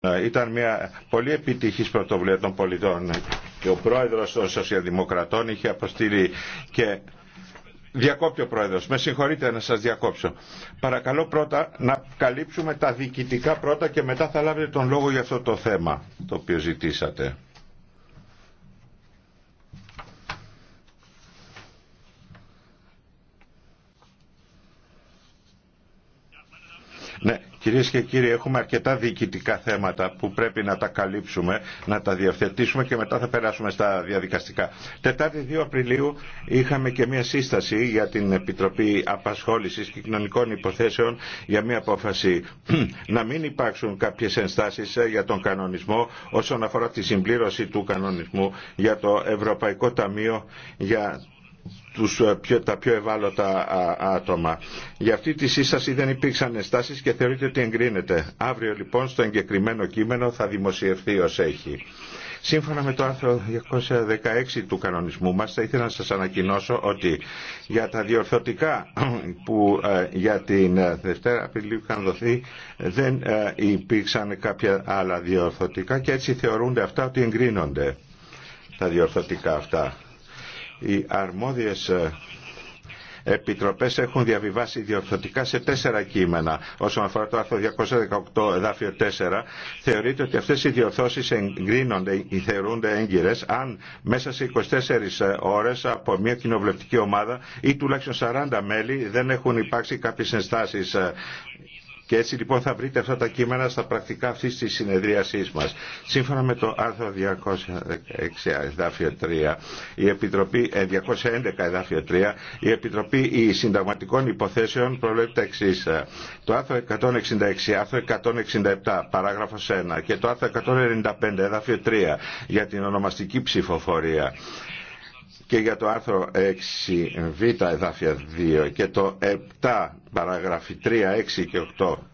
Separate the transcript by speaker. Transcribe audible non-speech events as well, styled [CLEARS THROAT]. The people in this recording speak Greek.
Speaker 1: Ε, ήταν μια πολύ επιτυχής πρωτοβουλία των πολιτών και ο πρόεδρος των Σοσιαδημοκρατών είχε αποστείλει και Διακόπτει ο Πρόεδρος. Με συγχωρείτε να σας διακόψω. Παρακαλώ πρώτα να καλύψουμε τα διοικητικά πρώτα και μετά θα λάβετε τον λόγο για αυτό το θέμα το οποίο ζητήσατε. Κυρίε και κύριοι, έχουμε αρκετά διοικητικά θέματα που πρέπει να τα καλύψουμε, να τα διευθετήσουμε και μετά θα περάσουμε στα διαδικαστικά. Τετάρτη 2 Απριλίου είχαμε και μία σύσταση για την Επιτροπή Απασχόληση και Κοινωνικών Υποθέσεων για μία απόφαση [CLEARS THROAT] να μην υπάρξουν κάποιε ενστάσεις ε, για τον κανονισμό όσον αφορά τη συμπλήρωση του κανονισμού για το Ευρωπαϊκό Ταμείο για τους, ε, τα πιο ευάλωτα άτομα. Για αυτή τη σύσταση δεν υπήρξαν ενστάσεις και θεωρείται ότι εγκρίνεται. Αύριο λοιπόν στο εγκεκριμένο κείμενο θα δημοσιευθεί ω έχει. Σύμφωνα με το άρθρο 216 του κανονισμού μας θα ήθελα να σας ανακοινώσω ότι για τα διορθωτικά [CLEARS THROAT] που ε, για την ε, Δευτέρα Απριλίου είχαν δοθεί δεν υπήρξαν κάποια άλλα διορθωτικά και έτσι θεωρούνται αυτά ότι εγκρίνονται τα διορθωτικά αυτά οι αρμόδιες ε, επιτροπές έχουν διαβιβάσει διορθωτικά σε τέσσερα κείμενα. Όσον αφορά το άρθρο 218 εδάφιο 4, θεωρείται ότι αυτές οι διορθώσεις εγκρίνονται ή θεωρούνται έγκυρες αν μέσα σε 24 ε, ώρες από μια κοινοβουλευτική ομάδα ή τουλάχιστον 40 μέλη δεν έχουν υπάρξει κάποιες ενστάσεις ε, και έτσι λοιπόν θα βρείτε αυτά τα κείμενα στα πρακτικά αυτής της συνεδρίασής μας. Σύμφωνα με το άρθρο 216 εδάφιο 3, η Επιτροπή, 211 ε, εδάφιο 3, η Επιτροπή η Συνταγματικών Υποθέσεων προβλέπει τα εξή. Το άρθρο 166, άρθρο 167, παράγραφος 1 και το άρθρο 195 εδάφιο 3 για την ονομαστική ψηφοφορία και για το άρθρο 6β εδάφια 2 και το 7 παραγραφή 3, 6 και 8